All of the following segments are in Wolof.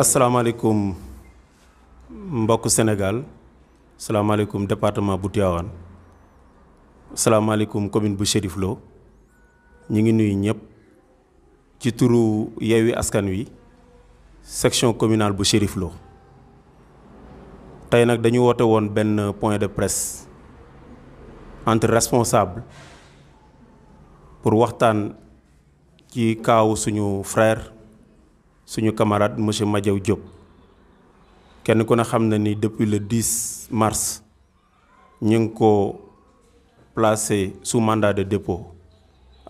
Assalamualaikum, Baku Senegal. Assalamualaikum département bu Assalamualaikum asalaamaaleykum commune bu cherif Lo ñi ngi nuy ñep ci turu yewi Askan Wi section communale bu cherif Lo tay nak dañu woote won ben point de presse entre responsable pour waxtan ci kaw suñu frère suñu camarade monsieur Madiaw Diop kenn ku ne xam na ni depuis le 10 mars ñu ngi ko placé su mandat de dépôt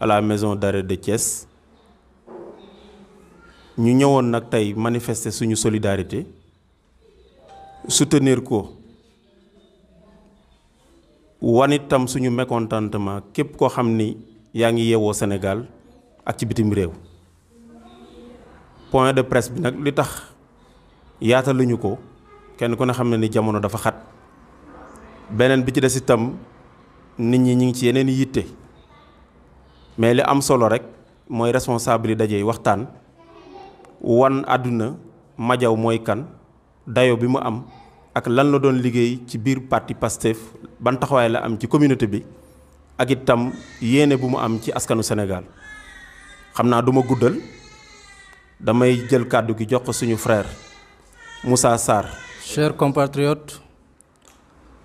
à la maison d'arrêt de Thiès ñu ñëwoon nag tey manifester suñu solidarité soutenir ko wan itam suñu mécontentement képp koo xam ni yaa ngi yeewoo Sénégal ak ci bitim réew. point de presse bi nag li tax yaataluñu ko kenn ku ne xam ne ni jamono dafa xat beneen bi ci des itam nit ñi ñu ci yeneen yitte mais li am solo rek mooy responsable waktan. waxtaan wan àdduna majaw mooy kan dayo bi mu am ak lan la doon liggéey ci biir parti Pastef ban taxawaay la am ci communauté bi ak itam yéene bu mu am ci askanu Sénégal xam naa du guddal damay jël kaddu gi jox ko suñu frère Moussa Assar... Chers compatriotes,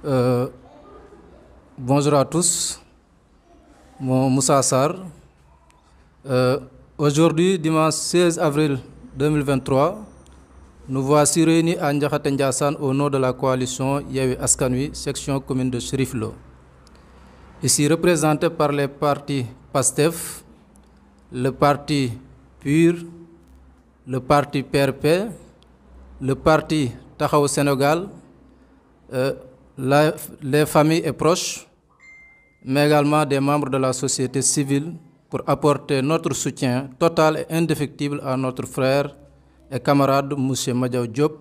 euh, bonjour à tous. Mon Moussa Assar... Euh, aujourd'hui, dimanche 16 avril 2023, nous voici réunis à Ndiassan au nom de la coalition Yewi Askanui, section commune de Sheriflo. Ici représenté par les partis PASTEF, le parti PUR, le parti PRP, le parti Tahao Sénégal, euh, les familles et proches, mais également des membres de la société civile pour apporter notre soutien total et indéfectible à notre frère et camarade M. Madiao Diop,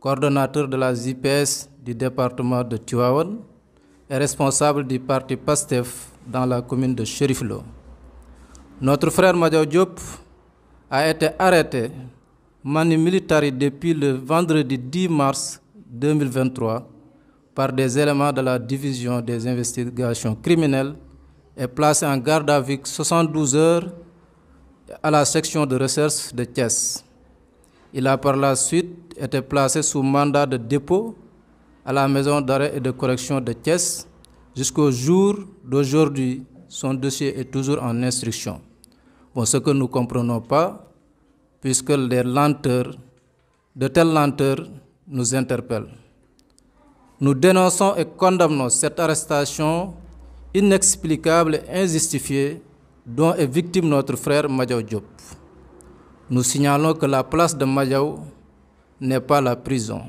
coordonnateur de la ZPS du département de Tuaon et responsable du parti PASTEF dans la commune de Chériflo. Notre frère Madiao Diop a été arrêté, manu militari depuis le vendredi 10 mars 2023 par des éléments de la division des investigations criminelles et placé en garde à vue 72 heures à la section de recherche de Thiès. Il a par la suite été placé sous mandat de dépôt à la maison d'arrêt et de correction de Thiès jusqu'au jour d'aujourd'hui. Son dossier est toujours en instruction ce que nous ne comprenons pas, puisque les lenteurs, de telles lenteurs nous interpellent. Nous dénonçons et condamnons cette arrestation inexplicable et injustifiée dont est victime notre frère major Diop. Nous signalons que la place de Madjao n'est pas la prison.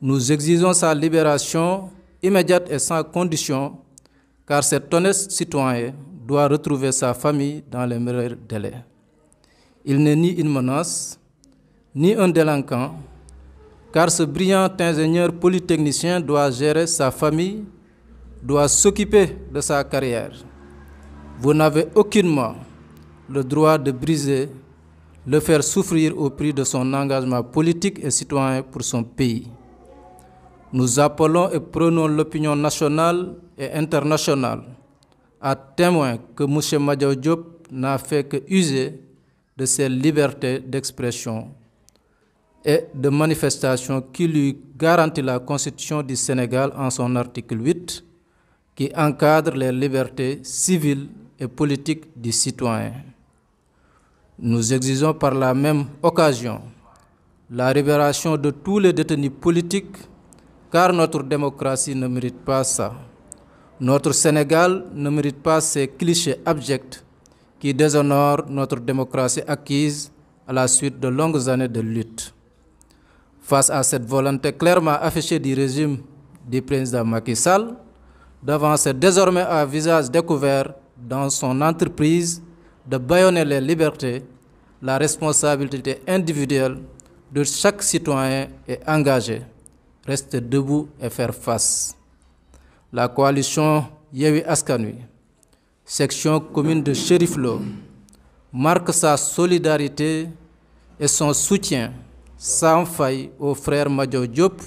Nous exigeons sa libération immédiate et sans condition, car cet honnête citoyen doit retrouver sa famille dans les meilleurs délais. Il n'est ni une menace, ni un délinquant, car ce brillant ingénieur polytechnicien doit gérer sa famille, doit s'occuper de sa carrière. Vous n'avez aucunement le droit de briser, le faire souffrir au prix de son engagement politique et citoyen pour son pays. Nous appelons et prenons l'opinion nationale et internationale à témoin que M. Madiao Diop n'a fait que user de ses libertés d'expression et de manifestation qui lui garantit la Constitution du Sénégal en son article 8 qui encadre les libertés civiles et politiques du citoyen. Nous exigeons par la même occasion la libération de tous les détenus politiques car notre démocratie ne mérite pas ça. Notre Sénégal ne mérite pas ces clichés abjects qui déshonorent notre démocratie acquise à la suite de longues années de lutte. Face à cette volonté clairement affichée du régime du président Macky Sall, d'avancer désormais à visage découvert dans son entreprise de bâillonner les libertés, la responsabilité individuelle de chaque citoyen est engagée. Rester debout et faire face la coalition Yewi Askanui, section commune de Chériflo, marque sa solidarité et son soutien sans faille aux frères Major Diop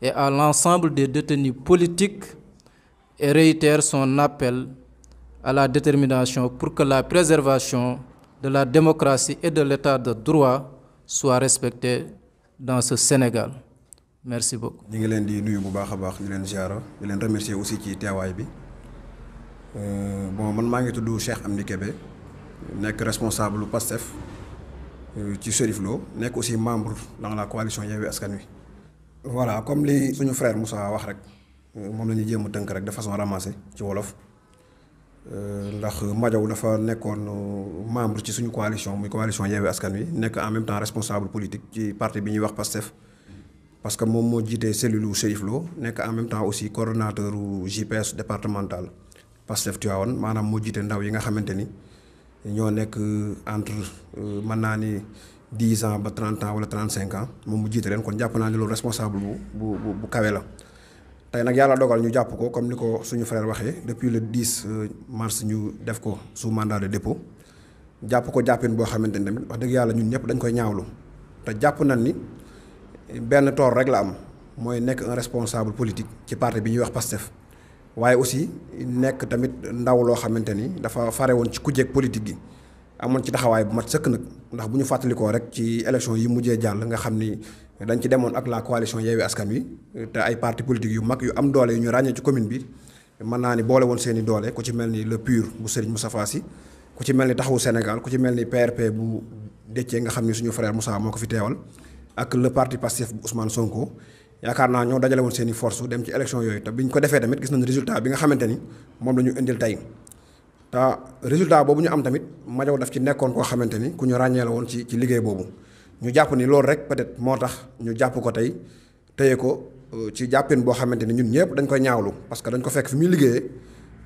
et à l'ensemble des détenus politiques et réitère son appel à la détermination pour que la préservation de la démocratie et de l'état de droit soit respectée dans ce Sénégal merci beaucoup. ñu ngi leen di nuyu bu baax a baax di leen ziara di leen remercier aussi ci teewaay bi euh, bon man maa ngi tudd Cheikh Amdi Kébé nekk responsable PASTEF euh, ci Chérif Lo nekk aussi membre dans la coalition Yewwi Askan Wi. voilà comme li suñu frère Moussa wax rek euh, moom la ñuy jéem tënk rek de façon ramassée ci wolof ndax Madiaw dafa nekkoon membre ci suñu coalition muy coalition Yewwi Askan Wi nekk en même temps responsable politique ci parti bi ñuy wax PASTEF parce que moom moo jiitee cellule u Chérif Lo nekk en même temps aussi coordinateur u GPS départemental Pastef Tivaouane maanaam moo jiite ndaw yi nga xamante ni ñoo nekk euh, entre euh, mën naa ni dix ans ba trente ans wala trente cinq ans moom mu jiite leen kon jàpp naa ni loolu responsable bu bu bu kawe la. tey nag dogal ñu japp ko comme ni suñu frère waxee depuis le 10 euh, mars ñu def ko sous mandat de dépôt japp ko jappine bo xamanteni wax deug yalla ñun ñep dañ koy ñaawlu ta japp nañ ni. benn toor rek la am mooy nekk un responsable politique ci parti bi ñuy wax PASTEF waaye aussi nekk tamit ndaw loo xamante ni dafa fare woon ci ku kujeeg politique gi amoon ci taxawaay bu mat sëkk nag ndax bu ñu fàttalikoo rek ci élection yi mujjee jàll nga xam ni dañ ci demoon ak la coalition Yewwi Askan Wi te ay parti politique yu mag yu am doole yu ñu ràññee ci commune bi mën naa ni boole woon seen i doole ku ci mel ni le PUR bu Serigne Moustapha Sy ku ci mel ni Taxawu Sénégal ku ci mel ni PRP bu Déthié nga xam ni suñu frère Moussa moo ko fi teewal ak le parti passif bu Ousmane Sonko yaakaar naa ñoo dajale woon seen i force dem ci élection yooyu te biñ ko defee tamit gis nañ résultat bi nga xamante ni moom la ñu indil tey te résultat boobu ñu am tamit Madiaw daf ci nekkoon koo xamante ni ku ñu ràññee won woon ci ci liggéey boobu ñu jàpp ni loolu rek peut-être moo tax ñu jàpp ko tey téye ko euh, ci jàppin boo xamante ni ñun ñëpp dañ koy ñaawlu parce que dañ ko fekk fi muy liggéeyee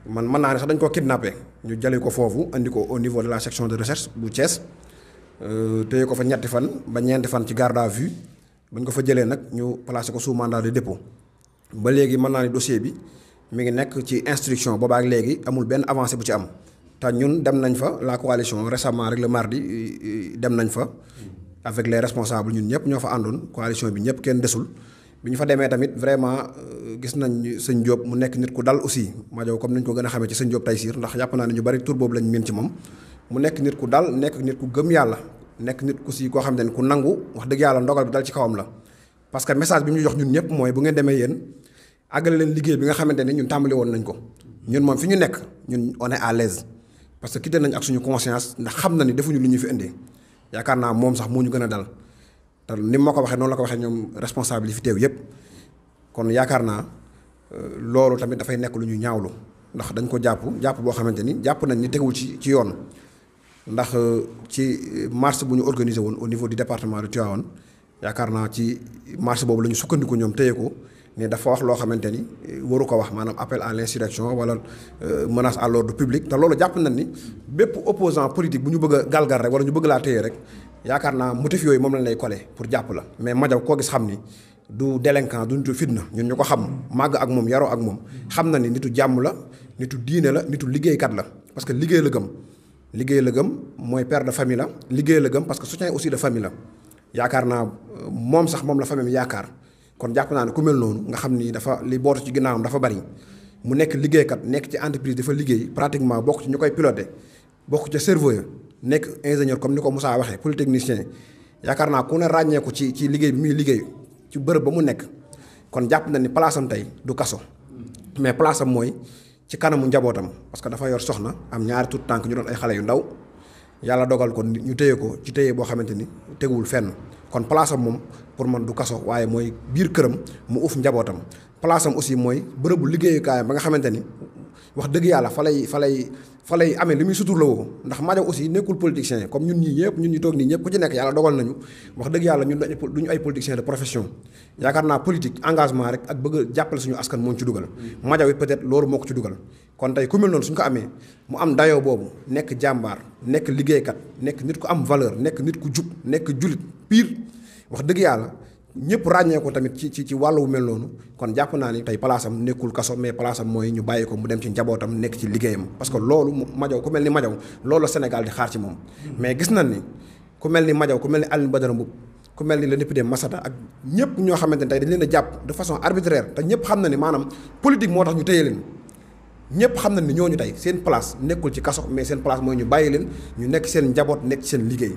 man mën naa ne sax dañ ko kidnappé ñu jëlee ko foofu andi ko au niveau de la section de recherche bu Thiès Euh, téye ko fa ñetti fan ba ñeenti fan ci garde à vue bañ ko fa jëlee nag ñu placé ko sous mandat de dépôt ba léegi mën naa ni dossier bi mi ngi nekk ci instruction ak léegi amul benn avancé bu ci am te ñun dem nañ fa la coalition récemment rek le mardi dem nañ fa avec les responsables ñun ñëpp ñoo fa àndoon coalition bi ñëpp kenn desul bi ñu fa demee tamit vraiment euh, gis nañ sëñ Diop mu nekk nit ku dal aussi Madiaw comme niñ ko gën a xamee ci sëñ Diop Taysir ndax yàpp naa ne ñu bari tur boobu lañ miin ci moom mu nekk nit ku dal nekk nit ku gëm yàlla nekk nit ku si koo xam ne ku nangu wax dëgg yàlla ndogal bi dal ci kawam la. parce message bi mu jox ñun ñëpp mooy bu ngeen demee yéen àggale leen liggéey bi nga xamante ne ñun tàmbali woon nañ ko ñun moom fi ñu nekk ñun one est à l'aise parce que quitté nañ ak suñu conscience ndax xam na ni defuñu lu ñu fi indi yaakaar naa moom sax moo ñu gën a dal te ni ma ko waxee noonu la ko waxee ñoom responsable yi fi teew yëpp kon yaakaar naa euh, loolu tamit dafay nekk lu ñu ñaawlu ndax dañ ko jàpp jàpp boo xamante ni jàpp nañ ni tegul ci ci yoon ndax euh, ci marche bu ñu organisé woon au niveau du département de Tivaouane yaakaar naa ci marche boobu la ñu sukkandiku ñoom téye ko ne dafa wax loo xamante ni euh, waru ko wax maanaam appel à l'insurrection wala euh, menace à l'ordre public te loolu jàpp nañ ni bépp opposant politique bu ñu bëgg a galgal rek wala ñu bëgg laa téye rek yaakaar naa motif yooyu moom lañ lay collé pour jàpp la mais Madiaw koo gis xam ni du délinquant du nitu fitna ñun ñu ko xam màgg ak moom yaroo ak moom xam na ni nitu jàmm la nitu diine la nitu liggéeykat la parce que liggéey la gëm liggéey la gëm mooy père de famille la liggéey la parce que soutien aussi de famille la yaakaar naa euh, moom sax moom la famille yaakaar kon jàpp naa ne ku mel noonu nga xam ni dafa li bootu ci ginnaawam dafa bari mu nekk liggéeykat nekk ci entreprise dafa liggéey pratiquement bokk ci ñu koy piloté bokk cerveau serveur nekk ingénieur comme ni ko Moussa waxee polytechnicien yaakaar naa ku ne ràññeeku ci ci liggéey bi muy liggéey ci bërëb ba mu nekk kon jàpp na ni place am tey du kaso mais place am mooy. ci kanamu njabootam parce que dafa yor soxna am ñaari tuut tànk ñu doon ay xale yu ndaw yàlla dogal ko ñu téye ko ci téye boo xamante ni teguwul fenn kon place moom pour man du kaso waaye mooy biir këram mu uuf njabootam place am aussi mooy bërëbu liggéeyukaayam ba nga xamante ni wax dëgg yàlla fa lay fa lay fa lay amee li muy suturlawoo ndax Madiame aussi nekkul politicien comme ñun ñii ñëpp ñun ñu toog nii ñëpp ku ci nekk yàlla dogal nañu wax dëgg yàlla ñun duñu ay politicien de profession yaakaar naa politique engagement rek ak bëgg a jàppale suñu askan moo ci dugal mm. Madiame it peut-être loolu moo ko ci dugal kon tey ku mel noonu suñu ko amee mu am dayoo boobu nekk jàmbaar nekk liggéeykat nekk nit ku am valeur nekk nit ku jub nekk julit pire wax dëgg yàlla ñëpp ràññee tamit ci ci ci wàllu mel noonu kon jàpp naa ni tey palaasam nekkul kaso mais palaasam mooy ñu bàyyi ko mu dem ci njabootam nekk ci liggéeyam parce que loolu Madiaw ku mel ni Madiaw loolu la Sénégal di xaar ci moom. Hmm. mais gis nañ ni ku mel ni Madiaw ku mel ni Alioune Badara Mboup ku mel ni le député Massata ak ñëpp ñoo xamante ne tey leen jàpp de façon arbitraire te ñëpp xam na ni maanaam politique moo tax ñu téye leen. ñëpp xam nañ ni ñooñu tey seen place nekkul ci kaso mais seen place mooy ñu bàyyi leen ñu nekk seen njaboot nekk seen liggéey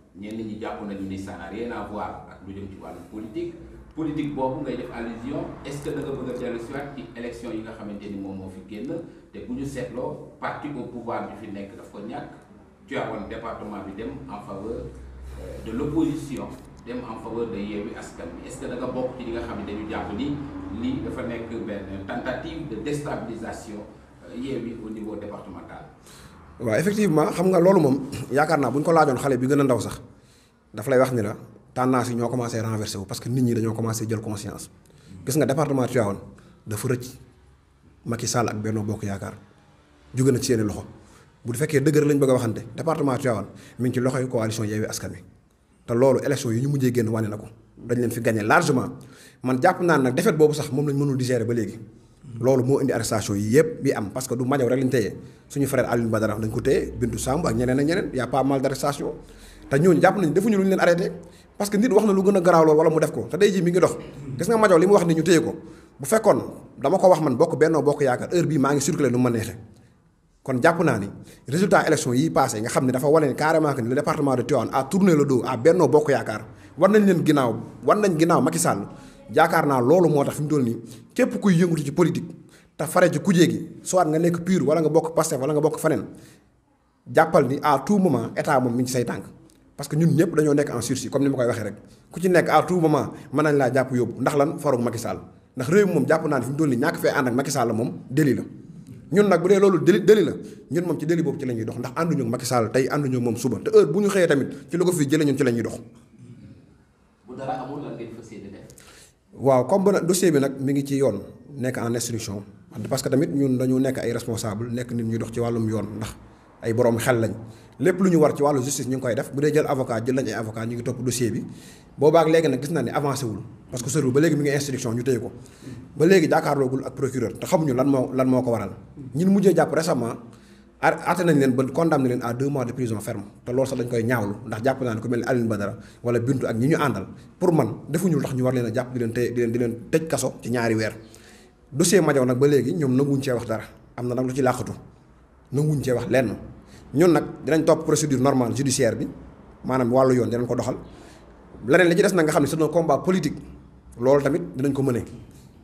ñenn ñi jàpp nañu ni ça n'a rien à voir ak lu jëm ci wàllu politique politique bobu ngay def allusion est-ce que da nga bëgg a dellu siwaat ci élection yi nga xamanteni mom mo fi génn te buñu ñu parti au pouvoir bi fi nekk daf ko ñàkk Tivaouane département bi dem en faveur euh, de l'opposition dem en faveur de Yewwi Askan bi est-ce que da nga bokk ci li nga xamni dañu jàpp ni li dafa nekk ben tentative de déstabilisation euh, Yémi au niveau départemental waaw effectivement xam nga loolu moom yaakaar naa bu ñu ko laajoon xale bi gën a ndaw sax daf lay wax ni la tendance yi ñoo commencé renversé wu parce que nit ñi dañoo commencé jël conscience gis nga département Tivaouane dafa rëcc Macky Sall ak Benno Bokk Yaakaar jóge na ci seeni loxo bu fekkee dëgër lañ bëgg a waxante département Tivaouane mi ngi ci loxoy coalition Yewwi Askan Wi te loolu élection yi ñu mujjee génn wane na ko dañ leen fi gagné largement man jàpp naa nag défaite boobu sax moom lañ mënul digérer ba léegi loolu mo indi arrestation yi bi am parce que du majaw rek lañ téye suñu frère Alioune Badara dañ ko téye Bintou samba ak ñeneen ak ñeneen y' a pas mal d'arrestation ta te japp nañ nañu defuñu lu leen arrêté parce que nit wax na lu gëna graw lool wala mu def ko ta day ji mi ngi dox gis nga majaw limu wax ni ñu téye ko bu fekkon dama ko wax man bokk benno bokk yaakaar heure bi ma ngi circuler nu ma kon japp na ni résultat élection yi passé nga xamni dafa wane carrément que le département de Tion a tourné le dos à benno bokk yaakaar war nañ leen ginaaw war nañ ginaaw Macky Sall yaakaar naa loolu moo tax fi mu toll nii képp kuy yëngatu ci politique te fare ci kujee gi soit nga nekk pur wala nga bokk Pastef wala nga bokk feneen jàppal ni à tout moment état moom mi ngi ci say tànk parce que ñun ñëpp dañoo nekk en sursis comme ni ma koy waxee rek ku ci nekk à tout moment mën nañ laa jàpp yóbbu ndax lan faroog Macky Sall ndax réew moom jàpp naa ne fi mu toll nii ñàkk fee ànd ak Macky Sall moom déli la ñun nag bu dee loolu déli déli la ñun moom ci déli boobu ci lañuy dox ndax ànduñu Macky Sall tey ànduñu moom suba te heure bu ñu xëyee tamit ci lu ko fi jëlee ñun ci lañuy dox bu dara amul lan ngeen fas waaw comme dossier bi nag mi ngi ci yoon nekk en instruction parce que tamit ñun dañu nekk ay responsable nekk nit ñu dox ci wàllum yoon ndax ay borom xel lañ lépp lu ñu war ci wàllu justice ñu ngi koy def bu dee jël avocat jël nañ ay avocat ñu ngi topp dossier bi boobaak léegi nag gis na ne avancé wul parce que soriwul ba léegi mi ngi instruction ñu téye ko ba léegi jàkkaarloogul ak procureur te xamuñu lan moo lan moo ko waral ñun mujjee jàpp récemment atte nañ leen ba condamné leen à deux mois de prison ferme te loolu sax dañ koy ñaawlu ndax jàpp naa ne ku mel ni Alioune Badara wala Bintu ak ñi ñu àndal pour man defuñu tax ñu war leen a jàpp di leen tey di leen di leen tëj kaso ci ñaari weer dossier Madiaw nag ba léegi ñoom nanguñ cee wax dara am na nag lu ci làqatu nanguñ cee wax lenn ñun nag dinañ topp procédure normale judiciaire bi maanaam wàllu yoon dinañ ko doxal leneen li ci des nag nga xam ne c'est un combat politique loolu tamit dinañ ko mëne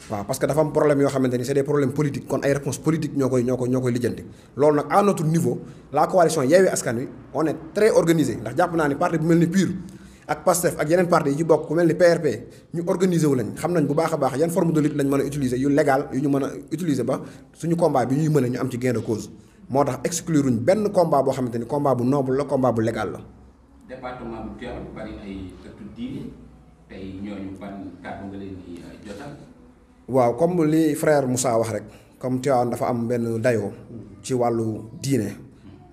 waaw parce que dafa am problème yoo xamante ni c'est des problèmes politiques kon ay réponses politiques ñoo koy ñoo koy ñoo koy lijjanti loolu nag à notre niveau la coalition Yewwi Askan Wi on est très organisé ndax jàpp naa ni parti bu mel ni PUR ak PASTEF ak yeneen parti yi ci bokk ku mel ni PRP ñu organisé wu lañ xam nañ bu baax a baax yan forme de lutte lañ mën a utiliser yu légal yu ñu mën a utiliser ba suñu combat bi ñuy mën a ñu am ci gain de cause moo tax ñu benn combat boo xamante ni combat bu noble la combat bu légal la. département bu Tivaouane bari ay ëttu diine tey ñooñu ban kàddu nga leen waaw comme li frère Moussa wax rek comme Tivaouane dafa am benn dayoo ci wàllu diine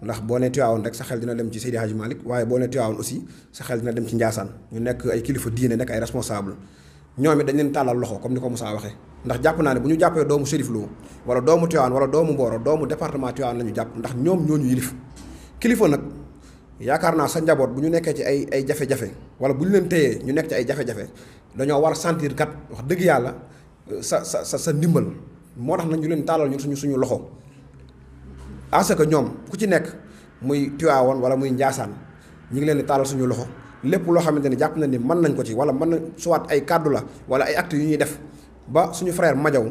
ndax boo ne Tivaouane rek sa xel dina dem ci Seydi Hadji Malick waaye boo ne Tivaouane aussi sa xel dina dem ci Ndiassane ñu nekk ay kilifa diine nekk ay responsable ñoom it dañ leen tàllal loxo comme ni ko Moussa waxee ndax jàpp naa ne bu ñu jàppee doomu Chérif Lo wala doomu Tivaouane wala doomu Mboro doomu département Tivaouane la ñu jàpp ndax ñoom ñoo ñu yilif kilifa nag yaakaar naa sa njaboot bu ñu nekkee ci ay ay jafe wala bu leen téyee ñu nekk ci ay jafe dañoo war a sentir kat wax dëgg yàlla sa sa sa ndimbal moo tax nañu leen taalal ñun suñu suñu loxo parce que ñoom ku ci nekk muy Tiwaawan wala muy Njaasaan ñu ngi leen di taalal suñu loxo lépp loo xamante ni jàpp na ni mën nañ ko ci wala mën na soit ay kàddu la wala ay actes yu ñuy def ba suñu frère Madiaw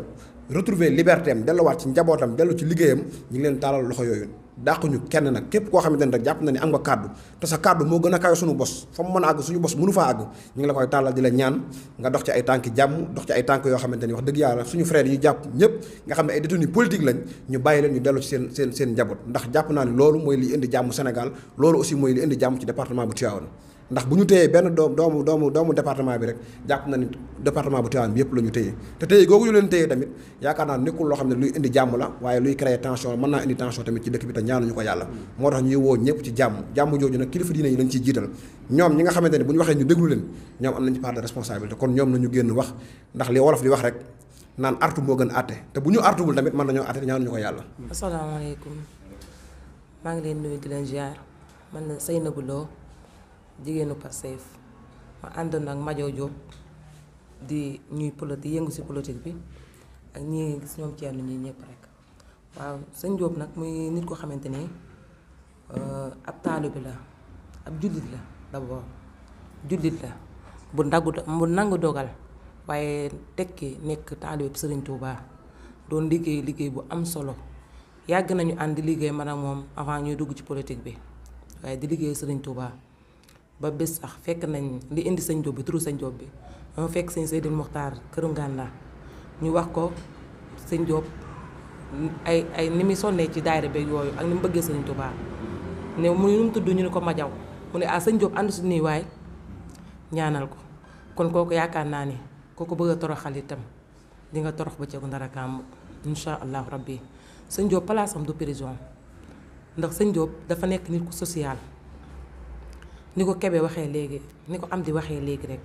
retrouver liberté am delluwaat ci njabootam dellu ci liggéeyam ñu ngi leen taalal loxo yooyu dàquñu kenn nag képp koo xamante ne rek jàpp na ne am nga kàddu te sa kàddu moo gën a kawe suñu bos fa mu mën a àgg suñu faa àgg ñu ngi la koy tàllal di la ñaan nga dox ci ay tànki jàmm dox ci ay tànk yoo xamante ni wax dëgg yàlla suñu frère yi ñu jàpp ñëpp nga xam ne ay détenus politique lañ ñu bàyyi leen ñu dellu ci seen seen seen njaboot ndax jàpp naa ne loolu mooy li indi jàmm Sénégal loolu aussi mooy li indi jàmm ci département bu Tivaouane ndax bu ñu téyee benn doom doomu doomu doomu bi rek jàpp na ni département bu Tivaouane bi yëpp la ñu téye te téye googu ñu leen téye tamit yaakaar naa nekkul loo xam ne luy indi jàmm la waaye luy créer yi lañ ciy jiital nañu génn wax ndax li wolof di wax rek naan artu moo gën àtte te bu ñu artuwul tamit mën nañoo àtte te ñaanuñu ko yàlla asalaamaaleykum maa ngi leen nuyu di leen ziar man la Seynabou Lo jigéenu safe ma àndoon ak Madiaw Diop di ñuy politique yëngu si politique bi ak ñi gis ñoom ci ñi ñëpp rek waaw sëñ Diop nag muy nit ko xamante ni euh, ab taalibe la ab jullit la d'abord jullit la bu ndagu bu nangu dogal waaye tekki nekk taalibe sëriñ Touba doon liggéey liggéey bu am solo yàgg nañu ànd di liggéey man ak moom avant ñuy dugg ci politique bi waaye di liggéey sëriñ Touba ba bes sax fekk nañ li indi sëñ Diop bi turu sëñ Diop bi ma fekk sëñ seydine Mokhtar këru ganda ñu wax ko sëñ job ay ay ni muy sonnee ci daayira be yoyu ak ni mu bëggee sëñ Touba né mu ñu tuddu ñu ko Madiaw mu né a ah, sëñ job ànd suñu way ñaanal ko kon koku yaakaar naa ne bëgg a toroxal itam di nga torox ba ceegu dara kam insha allah rabbi sëñ place am du prison ndax sëñ job dafa nekk nit ku social. ni ko Kébé waxee léegi ni ko am di waxee léegi rek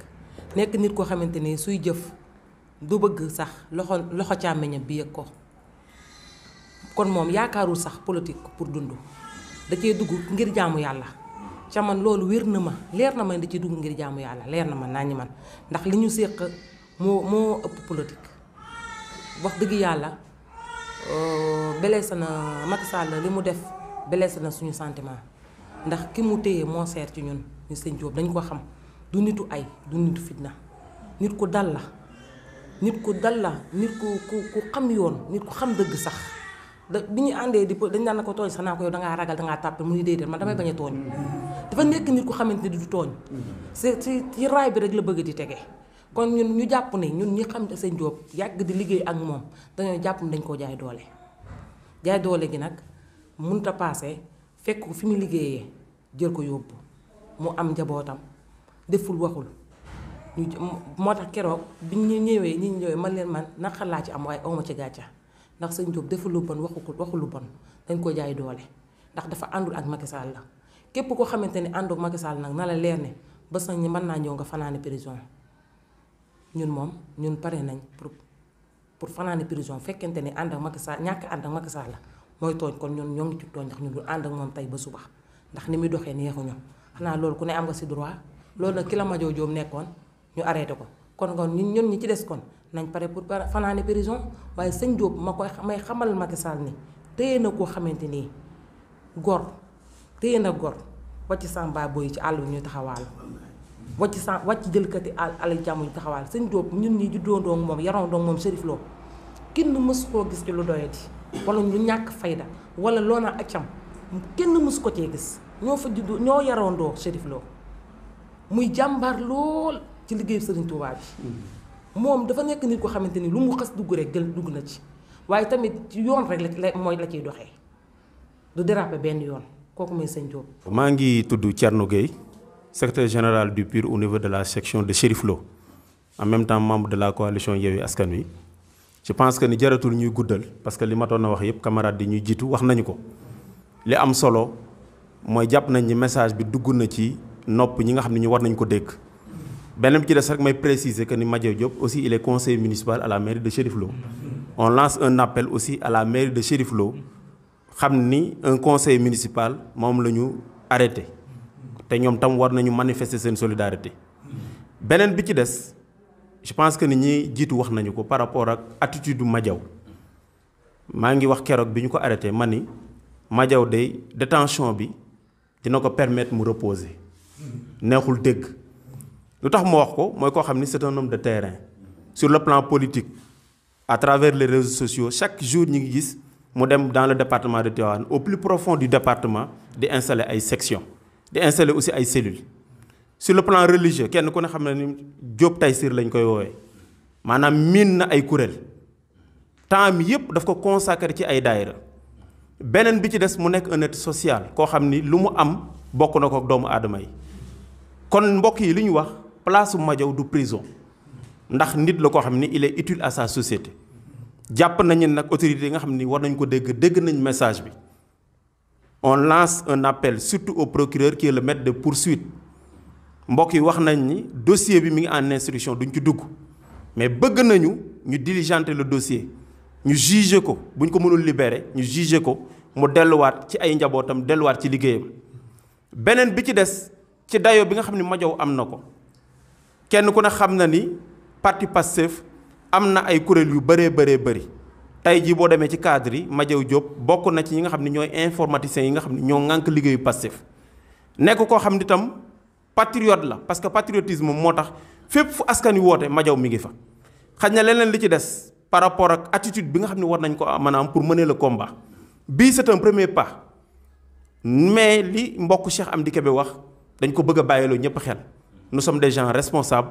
nekk nit koo xamante ni suy jëf du bëgg sax loxo loxo càmmiñam bi yëg ko kon moom yaakaarul sax politique pour dund da cee dugg ngir jaamu yàlla ca man loolu wér na ma leer na ma da cee dugg ngir jaamu yàlla leer na ma naa ñi man ndax li ñu séq moo moo ëpp politique wax dëgg yàlla euh, blessé na Macky Sall li mu def blessé na suñu sentiment ndax ki mu téye moo seer ci ñun ñu sëñ Diop dañ ko xam du nitu ay du nitu fitna nit ku dal la nit ku dal la nit ku ku ku xam yoon nit ku xam dëgg sax da bi ñu àndee di po dañ daan na ko tooñ sax naa ko yow dangaa ragal dangaa tàppe mu ni déedéet man damay bañ a tooñ dafa nekk nit ku xamante ni du tooñ ci ci raay bi rek la bëgg di tege kon ñun ñu jàpp ne ñun ñi xam sëñ Diop yàgg di liggéey ak moom dañoo jàpp ne dañ koo jaay doole jaay doole gi nag mënut a fekk ko fi mu liggéeyee jël ko yóbbu mu am njabootam deful waxul moo tax keroog bi ñu ñëwee ñi ñëwee man leen man naqar laa ci am waaye awma ci gàcca ndax sëñ Diop deful lu bon waxu waxul lu bon dañ ko jaay doole ndax dafa àndul ak Macky la képp koo xamante ni àndul ak Macky nag na la leer ne ba sax ñi mën naa ñëw nga fanaane prison ñun moom ñun pare nañ pour pour fanaane prison fekkente ni ànd ak Macky ñàkk ànd ak Macky la mooy tooñ kon ñun ñoo ngi ci tooñ ndax ñun du ànd ak moom tey ba suba ndax ni muy doxee neexuñu xanaa loolu ku ne am nga si droit loolu nag ki la Madior nekkoon ñu arrêté ko kon kon ñun ñun ñi ci des kon nañ pare pour fanaane prison waaye sëñ Diop ma koy may xamal Macky Sall ni téye na koo xamante nii gor téye na gor wàcc sàmba boy ci àll ñu taxawaal wàcc sa wàcc jëlkati àll jàmm ñu taxawaal sëñ Diop ñun ñi juddoo doon moom yaroon doon moom Chérif kenn mës koo gis ci lu doyati wala ñu ñàkk fayda wala loona accam kenn mësu ko cee gis ñoo fa juddoo ñoo yaroondoo doo Lo muy jàmbaar lool ci liggéey Serigne Touba bi mm-hmm. moom dafa nekk nit ko xamante ni lu mu xas dugg rek jël dugg na ci waaye tamit ci yoon rek la mooy la ciy doxee du déraper benn yoon kooku mooy sëñ Diop. maa ngi tudd Thierno Gueye secrétaire général du PUR au de la section de Chérif Lo en même temps membre de la coalition Yewwi Askan Wi. je pense que ni jaratul ñuy guddal parce que li ma doon wax yépp camarade di ñuy jitu wax nañu ko li am solo moy japp nañ ni message bi dugg na ci nopp ñi nga xamni ñu war nañ ko dégg beneen ci des rek may préciser que ni Madiaw Diop aussi il est conseiller municipal à la mairie de Chérif on lance un appel aussi à la mairie de Chérif Lo un conseil municipal mom lañu arrêter té ñom tam war nañu manifester sen solidarité benen bi ci des je pense que nous ñi dit wax nañu ko par rapport ak attitude du madjaw maa ngi wax kérok ko arrêté Mani ni day détention bi dina ko permettre mu reposer neexul dégg lu tax mu wax ko moy ko xamni c'est un homme de terrain sur le plan politique à travers les réseaux sociaux chaque jour ñi ngi gis mu dans le département de Tivaouane au plus profond du département de installer ay sections de installer aussi ay cellules sur le plan religieux kenn ku ne xam ne ni Jóob Taysiir lañ koy wowe manam min na ay kuréel temps mi daf ko consacrer ci ay daayira beneen bi ci des mu nekk un être social koo xam ni lu mu am bokk na ko doomu aadama yi kon mbokk yi li ñu wax place majaw du prison ndax nit la koo xam ni il est utile à sa société jàpp nañu nag autorité nga xam ni war nañ ko dégg dégg nañ message bi on lance un appel surtout au procureur qui est le maître de poursuite mbokk yi wax nañ ni dossier bi mi ngi en instruction duñu ci dugg mais bëgg nañu ñu diligenter le dossier ñu juger ko buñ ko mënul libérer ñu juger ko mu delluwaat ci ay njabootam delluwaat ci liggéeyam beneen bi ci des ci dayo bi nga xam ni Madiaw am na ko kenn ku ne xam na ni parti Pastef am na ay kuréel yu bëree bëree bëri tey jii boo demee ci cadre yi Madiaw Diop bokk na ci ñi nga xam ne ñooy informaticiens yi nga xam ne ñoo ŋànk liggéeyu Pastef nekk koo xam ni patriote la parce que patriotisme motax fepp fu askani wote woote Madiaw mi ngi fa xaj na leneen li ci dess par rapport ak attitude bi nga xamni war nañ ko manam pour mener le combat bi c'est un premier pas mais li mbokk Cheikh Amdi Kébé wax dañ ko bëgg a bàyyiloo ñëpp xel nous sommes des gens responsables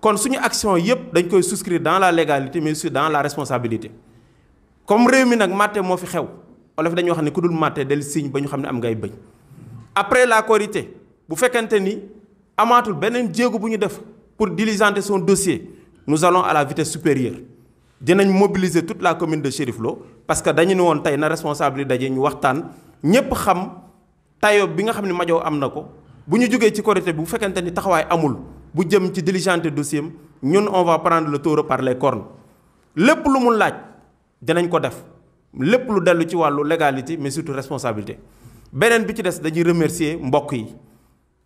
kon suñu action yépp dañ koy souscrire dans la légalité mais aussi dans la responsabilité comme réew mi nag matte moo fi xew olof dañuy wax ne ku dul matte del signe ba ñu xam ne am ngay bëñ après la Korité bu fekkente ni amaatul beneen jéego bu def pour diligenter son dossier nous allons à la vitesse supérieure dinañ mobiliser toute la commune de Chérif Lo parce que dañu ne woon tey na responsable dajé ñu waxtaan ñepp xam tayo bi nga xamni majo Madiaw am na ko bu ci Korité bu fekkente ni taxawaay amul bu jëm ci diligenter dossier ñun on va prendre le taureau par les cornes lepp lu mu laaj dinañ ko def lepp lu dellu ci walu légalité mais surtout responsabilité benen bi ci dess dañuy remercier mbokk yi